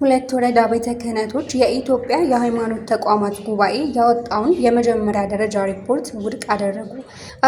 ሁለት ወረዳ ቤተ ክህነቶች የኢትዮጵያ የሃይማኖት ተቋማት ጉባኤ ያወጣውን የመጀመሪያ ደረጃ ሪፖርት ውድቅ አደረጉ።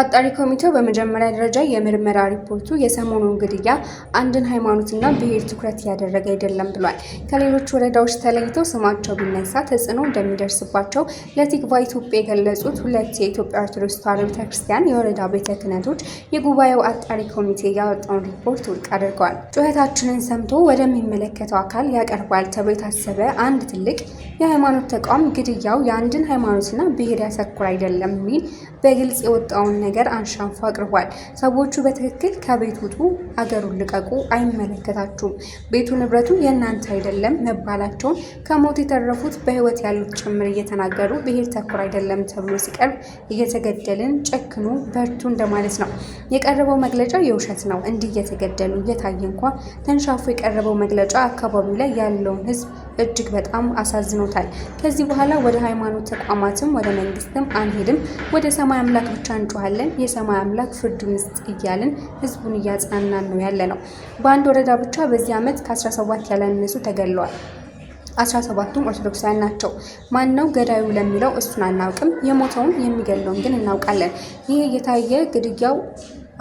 አጣሪ ኮሚቴው በመጀመሪያ ደረጃ የምርመራ ሪፖርቱ የሰሞኑን ግድያ አንድን ሃይማኖትና ብሔር ትኩረት ያደረገ አይደለም ብሏል። ከሌሎች ወረዳዎች ተለይተው ስማቸው ቢነሳ ተጽዕኖ እንደሚደርስባቸው ለቲግቫ ኢትዮጵያ የገለጹት ሁለት የኢትዮጵያ ኦርቶዶክስ ተዋሕዶ ቤተክርስቲያን የወረዳ ቤተ ክህነቶች የጉባኤው አጣሪ ኮሚቴ ያወጣውን ሪፖርት ውድቅ አድርገዋል። ጩኸታችንን ሰምቶ ወደሚመለከተው አካል ያቀርባል ይገባል ተብሎ የታሰበ አንድ ትልቅ የሃይማኖት ተቋም ግድያው የአንድን ሃይማኖትና ብሔር ያተኮረ አይደለም የሚል በግልጽ የወጣውን ነገር አንሻንፎ አቅርቧል። ሰዎቹ በትክክል ከቤት ውጡ፣ አገሩን ልቀቁ፣ አይመለከታችሁም፣ ቤቱ ንብረቱ የእናንተ አይደለም መባላቸውን ከሞት የተረፉት በህይወት ያሉት ጭምር እየተናገሩ ብሔር ተኮር አይደለም ተብሎ ሲቀርብ እየተገደልን ጨክኑ በርቱ እንደማለት ነው። የቀረበው መግለጫ የውሸት ነው። እንዲህ እየተገደሉ እየታየ እንኳ ተንሻፎ የቀረበው መግለጫ አካባቢው ላይ ያለውን ህዝብ እጅግ በጣም አሳዝኖታል። ከዚህ በኋላ ወደ ሃይማኖት ተቋማትም ወደ መንግስትም አንሄድም፣ ወደ ሰማይ አምላክ ብቻ እንጮኋለን፣ የሰማይ አምላክ ፍርዱን ይስጥ እያልን ህዝቡን እያጽናናን ነው ያለ ነው። በአንድ ወረዳ ብቻ በዚህ ዓመት ከ17 ያላነሱ ተገድለዋል። 17ቱም ኦርቶዶክሳውያን ናቸው። ማን ነው ገዳዩ ለሚለው እሱን አናውቅም፣ የሞተውን የሚገድለውን ግን እናውቃለን። ይህ የታየ ግድያው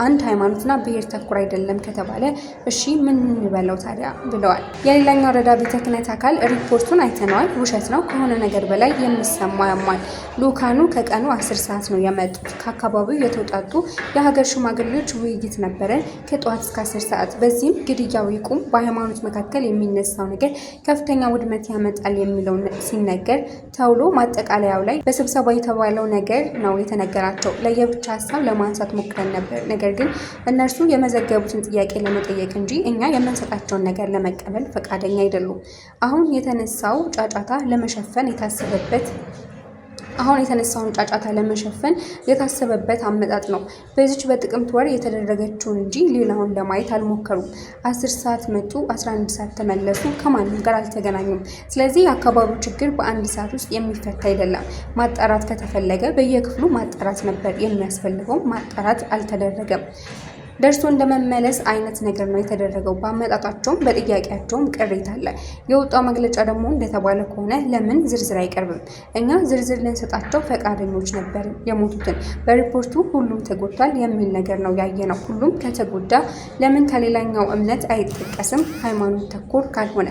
አንድ ሃይማኖትና ብሔር ተኮር አይደለም ከተባለ እሺ ምን እንበለው ታዲያ ብለዋል። የሌላኛው ወረዳ ቤተ ክህነት አካል ሪፖርቱን አይተነዋል፣ ውሸት ነው። ከሆነ ነገር በላይ የሚሰማ ያሟል። ልኡካኑ ከቀኑ አስር ሰዓት ነው የመጡት። ከአካባቢው የተውጣጡ የሀገር ሽማግሌዎች ውይይት ነበረን ከጠዋት እስከ አስር ሰዓት። በዚህም ግድያው ይቁም፣ በሃይማኖት መካከል የሚነሳው ነገር ከፍተኛ ውድመት ያመጣል የሚለው ሲነገር ተውሎ ማጠቃለያው ላይ በስብሰባ የተባለው ነገር ነው የተነገራቸው። ለየብቻ ሀሳብ ለማንሳት ሞክረን ነበር ነገር ነገር ግን እነርሱ የመዘገቡትን ጥያቄ ለመጠየቅ እንጂ እኛ የምንሰጣቸውን ነገር ለመቀበል ፈቃደኛ አይደሉም። አሁን የተነሳው ጫጫታ ለመሸፈን የታሰበበት አሁን የተነሳውን ጫጫታ ለመሸፈን የታሰበበት አመጣጥ ነው። በዚች በጥቅምት ወር የተደረገችውን እንጂ ሌላውን ለማየት አልሞከሩም። አስር ሰዓት መጡ፣ አስራ አንድ ሰዓት ተመለሱ። ከማንም ጋር አልተገናኙም። ስለዚህ የአካባቢው ችግር በአንድ ሰዓት ውስጥ የሚፈታ አይደለም። ማጣራት ከተፈለገ በየክፍሉ ማጣራት ነበር የሚያስፈልገው። ማጣራት አልተደረገም። ደርሶ እንደመመለስ አይነት ነገር ነው የተደረገው። በአመጣጣቸውም በጥያቄያቸውም ቅሬታ አለ። የወጣው መግለጫ ደግሞ እንደተባለ ከሆነ ለምን ዝርዝር አይቀርብም? እኛ ዝርዝር ልንሰጣቸው ፈቃደኞች ነበር። የሞቱትን በሪፖርቱ ሁሉም ተጎድቷል የሚል ነገር ነው ያየ ነው። ሁሉም ከተጎዳ ለምን ከሌላኛው እምነት አይጠቀስም? ሃይማኖት ተኮር ካልሆነ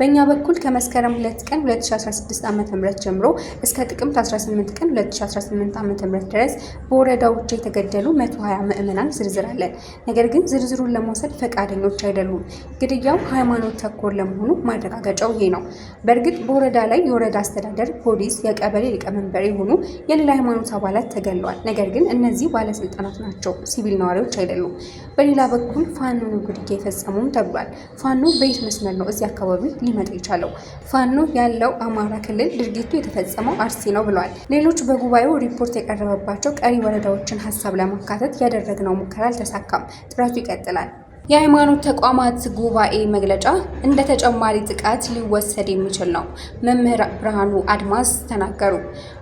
በእኛ በኩል ከመስከረም 2 ቀን 2016 ዓ.ም ጀምሮ እስከ ጥቅምት 18 ቀን 2018 ዓ.ም ድረስ በወረዳው ውጭ የተገደሉ 120 ምዕመናን ዝርዝር አለን። ነገር ግን ዝርዝሩን ለመውሰድ ፈቃደኞች አይደሉም። ግድያው ሃይማኖት ተኮር ለመሆኑ ማረጋገጫው ይሄ ነው። በእርግጥ በወረዳ ላይ የወረዳ አስተዳደር፣ ፖሊስ፣ የቀበሌ ሊቀመንበር የሆኑ የሌላ ሃይማኖት አባላት ተገለዋል። ነገር ግን እነዚህ ባለስልጣናት ናቸው፣ ሲቪል ነዋሪዎች አይደሉም። በሌላ በኩል ፋኖ ነው ግድያ የፈጸሙም ተብሏል። ፋኖ በየት መስመር ነው እዚህ አካባቢ ሊመጣ የቻለው ፋኖ ያለው አማራ ክልል ድርጊቱ የተፈጸመው አርሲ ነው ብለዋል። ሌሎች በጉባኤው ሪፖርት የቀረበባቸው ቀሪ ወረዳዎችን ሀሳብ ለማካተት ያደረግነው ሙከራ አልተሳካም። ጥረቱ ይቀጥላል። የሃይማኖት ተቋማት ጉባኤ መግለጫ እንደ ተጨማሪ ጥቃት ሊወሰድ የሚችል ነው። መምህር ብርሃኑ አድማስ ተናገሩ።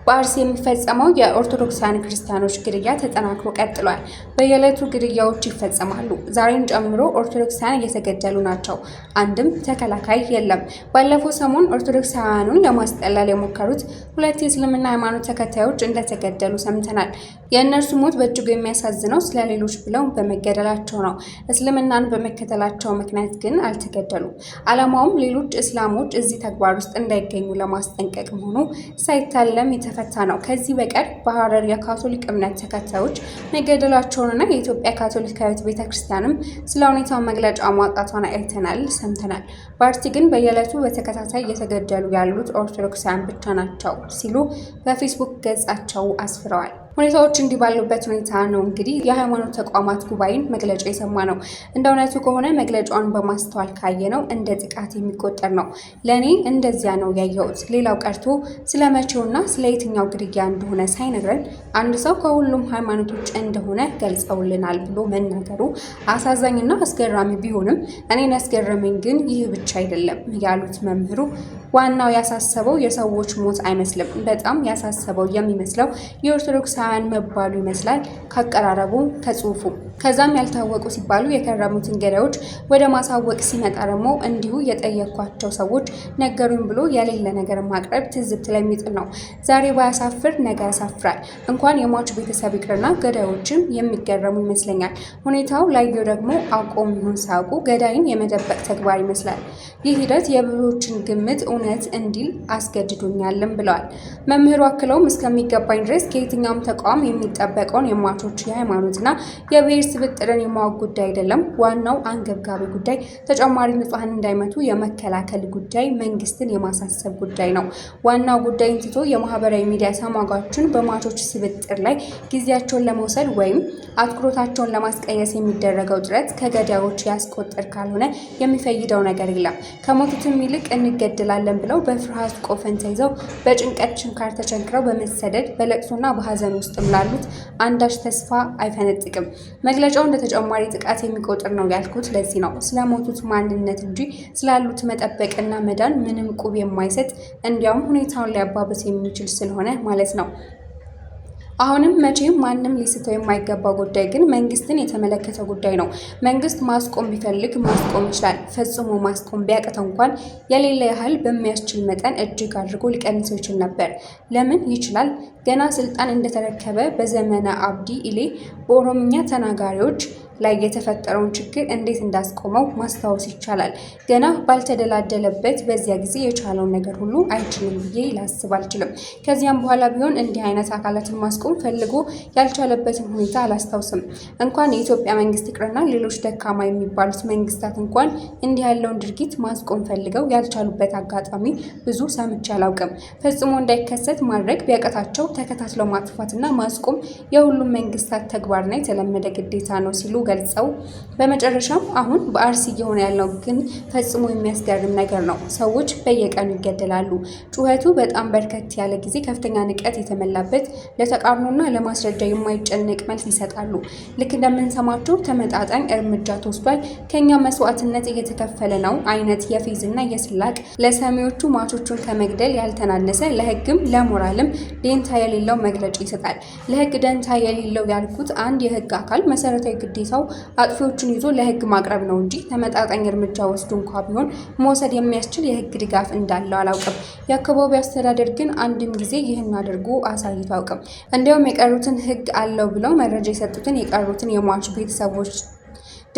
በአርሲ የሚፈጸመው የኦርቶዶክሳውያን ክርስቲያኖች ግድያ ተጠናክሮ ቀጥሏል። በየዕለቱ ግድያዎች ይፈጸማሉ። ዛሬን ጨምሮ ኦርቶዶክሳውያን እየተገደሉ ናቸው። አንድም ተከላካይ የለም። ባለፈው ሰሞን ኦርቶዶክሳውያኑን ለማስጠለል የሞከሩት ሁለት የእስልምና ሃይማኖት ተከታዮች እንደተገደሉ ሰምተናል። የእነርሱ ሞት በእጅጉ የሚያሳዝነው ስለ ሌሎች ብለው በመገደላቸው ነው። እስልምናን በመከተላቸው ምክንያት ግን አልተገደሉም። ዓላማውም ሌሎች እስላሞች እዚህ ተግባር ውስጥ እንዳይገኙ ለማስጠንቀቅ መሆኑ ሳይታለም የተፈታ ነው። ከዚህ በቀር በሐረር የካቶሊክ እምነት ተከታዮች መገደላቸውንና የኢትዮጵያ ካቶሊካዊት ቤተክርስቲያንም ስለ ሁኔታው መግለጫ ማውጣቷን አይተናል፣ ሰምተናል። ባርቲ ግን በየዕለቱ በተከታታይ እየተገደሉ ያሉት ኦርቶዶክሳውያን ብቻ ናቸው ሲሉ በፌስቡክ ገጻቸው አስፍረዋል። ሁኔታዎች እንዲህ ባሉበት ሁኔታ ነው እንግዲህ የሃይማኖት ተቋማት ጉባኤን መግለጫ የሰማ ነው። እንደ እውነቱ ከሆነ መግለጫውን በማስተዋል ካየ ነው እንደ ጥቃት የሚቆጠር ነው። ለእኔ እንደዚያ ነው ያየሁት። ሌላው ቀርቶ ስለ መቼውና ስለ የትኛው ግድያ እንደሆነ ሳይነግረን አንድ ሰው ከሁሉም ሃይማኖቶች እንደሆነ ገልጸውልናል ብሎ መናገሩ አሳዛኝና አስገራሚ ቢሆንም እኔን ያስገረመኝ ግን ይህ ብቻ አይደለም ያሉት መምህሩ ዋናው ያሳሰበው የሰዎች ሞት አይመስልም። በጣም ያሳሰበው የሚመስለው የኦርቶዶክሳውያን መባሉ ይመስላል ከአቀራረቡ ከጽሁፉ ከዛም ያልታወቁ ሲባሉ የከረሙትን ገዳዮች ወደ ማሳወቅ ሲመጣ ደግሞ እንዲሁ የጠየኳቸው ሰዎች ነገሩን ብሎ የሌለ ነገር ማቅረብ ትዝብት ለሚጥል ነው። ዛሬ ባያሳፍር ነገ ያሳፍራል። እንኳን የሟቹ ቤተሰብ ይቅርና ገዳዮችም የሚገረሙ ይመስለኛል። ሁኔታው ላየው ደግሞ አቆም ይሁን ሳያውቁ ገዳይን የመደበቅ ተግባር ይመስላል። ይህ ሂደት የብዙዎችን ግምት እውነት እንዲል አስገድዶኛልም ብለዋል። መምህሩ አክለውም እስከሚገባኝ ድረስ ከየትኛውም ተቋም የሚጠበቀውን የሟቾች የሃይማኖትና የብሔር ስብጥርን የማወቅ ጉዳይ አይደለም። ዋናው አንገብጋቢ ጉዳይ ተጨማሪ ንጹሐን እንዳይመቱ የመከላከል ጉዳይ፣ መንግስትን የማሳሰብ ጉዳይ ነው። ዋናው ጉዳይን ትቶ የማህበራዊ ሚዲያ ተሟጋቾችን በሟቾች ስብጥር ላይ ጊዜያቸውን ለመውሰድ ወይም አትኩሮታቸውን ለማስቀየስ የሚደረገው ጥረት ከገዳዮች ያስቆጠር ካልሆነ የሚፈይደው ነገር የለም። ከሞቱትም ይልቅ እንገድላለን ብለው በፍርሃት ቆፈን ተይዘው በጭንቀት ችንካር ተቸንክረው በመሰደድ በለቅሶና በሀዘን ውስጥም ላሉት አንዳች ተስፋ አይፈነጥቅም። መግለጫው እንደ ተጨማሪ ጥቃት የሚቆጥር ነው ያልኩት ለዚህ ነው። ስለሞቱት ማንነት እንጂ ስላሉት መጠበቅና መዳን ምንም ቁብ የማይሰጥ እንዲያውም ሁኔታውን ሊያባብስ የሚችል ስለሆነ ማለት ነው። አሁንም መቼም ማንም ሊስተው የማይገባ ጉዳይ ግን መንግስትን የተመለከተ ጉዳይ ነው። መንግስት ማስቆም ቢፈልግ ማስቆም ይችላል። ፈጽሞ ማስቆም ቢያቅተው እንኳን የሌለ ያህል በሚያስችል መጠን እጅግ አድርጎ ሊቀንሰው ይችል ነበር። ለምን ይችላል? ገና ስልጣን እንደተረከበ በዘመነ አብዲ ኢሌ በኦሮምኛ ተናጋሪዎች ላይ የተፈጠረውን ችግር እንዴት እንዳስቆመው ማስታወስ ይቻላል። ገና ባልተደላደለበት በዚያ ጊዜ የቻለውን ነገር ሁሉ አይችልም ብዬ ላስብ አልችልም። ከዚያም በኋላ ቢሆን እንዲህ አይነት አካላትን ማስቆም ፈልጎ ያልቻለበትን ሁኔታ አላስታውስም። እንኳን የኢትዮጵያ መንግስት ይቅርና ሌሎች ደካማ የሚባሉት መንግስታት እንኳን እንዲህ ያለውን ድርጊት ማስቆም ፈልገው ያልቻሉበት አጋጣሚ ብዙ ሰምቼ አላውቅም። ፈጽሞ እንዳይከሰት ማድረግ ቢያቀታቸው ተከታትለው ማጥፋትና ማስቆም የሁሉም መንግስታት ተግባርና የተለመደ ግዴታ ነው ሲሉ ገልጸው በመጨረሻም አሁን በአርሲ እየሆነ ያለው ግን ፈጽሞ የሚያስገርም ነገር ነው። ሰዎች በየቀኑ ይገደላሉ። ጩኸቱ በጣም በርከት ያለ ጊዜ ከፍተኛ ንቀት የተመላበት ለተቃርኖና ለማስረጃ የማይጨነቅ መልስ ይሰጣሉ። ልክ እንደምንሰማቸው ተመጣጣኝ እርምጃ ተወስዷል፣ ከኛ መስዋዕትነት እየተከፈለ ነው አይነት የፌዝና የስላቅ ለሰሚዎቹ ማቾቹን ከመግደል ያልተናነሰ ለህግም ለሞራልም ደንታ የሌለው መግለጫ ይሰጣል። ለህግ ደንታ የሌለው ያልኩት አንድ የህግ አካል መሰረታዊ ግዴታው ሰው አጥፊዎቹን ይዞ ለህግ ማቅረብ ነው እንጂ ተመጣጣኝ እርምጃ ወስዶ እንኳ ቢሆን መውሰድ የሚያስችል የህግ ድጋፍ እንዳለው አላውቅም። የአካባቢ አስተዳደር ግን አንድም ጊዜ ይህን አድርጎ አሳይቶ አውቅም። እንዲያውም የቀሩትን ህግ አለው ብለው መረጃ የሰጡትን የቀሩትን የሟች ቤተሰቦች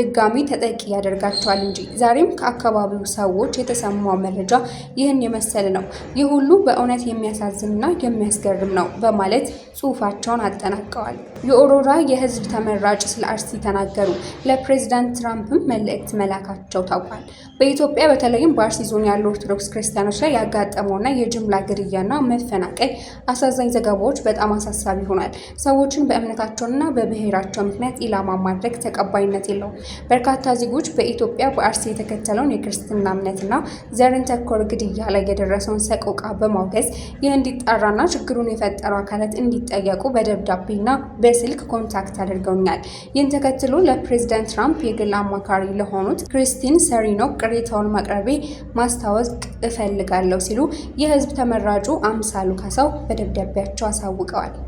ድጋሚ ተጠቂ ያደርጋቸዋል እንጂ ዛሬም ከአካባቢው ሰዎች የተሰማው መረጃ ይህን የመሰለ ነው። ይህ ሁሉ በእውነት የሚያሳዝንና የሚያስገርም ነው በማለት ጽሁፋቸውን አጠናቀዋል። የኦሮራ የህዝብ ተመራጭ ስለ አርሲ ተናገሩ። ለፕሬዚዳንት ትራምፕም መልእክት መላካቸው ታውቋል። በኢትዮጵያ በተለይም በአርሲ ዞን ያሉ ኦርቶዶክስ ክርስቲያኖች ላይ ያጋጠመውና የጅምላ ግድያና መፈናቀል አሳዛኝ ዘገባዎች በጣም አሳሳቢ ይሆናል። ሰዎችን በእምነታቸውና በብሔራቸው ምክንያት ኢላማ ማድረግ ተቀባይነት የለውም። በርካታ ዜጎች በኢትዮጵያ በአርሲ የተከተለውን የክርስትና እምነትና ዘርን ተኮር ግድያ ላይ የደረሰውን ሰቆቃ በማውገዝ ይህ እንዲጣራና ችግሩን የፈጠሩ አካላት እንዲጠየቁ በደብዳቤና በስልክ ኮንታክት አድርገውኛል። ይህን ተከትሎ ለፕሬዚዳንት ትራምፕ የግል አማካሪ ለሆኑት ክሪስቲን ሰሪኖ ቅሬታውን ማቅረቤ ማስታወስ እፈልጋለሁ ሲሉ የህዝብ ተመራጩ አምሳሉ ካሳው በደብዳቤያቸው አሳውቀዋል።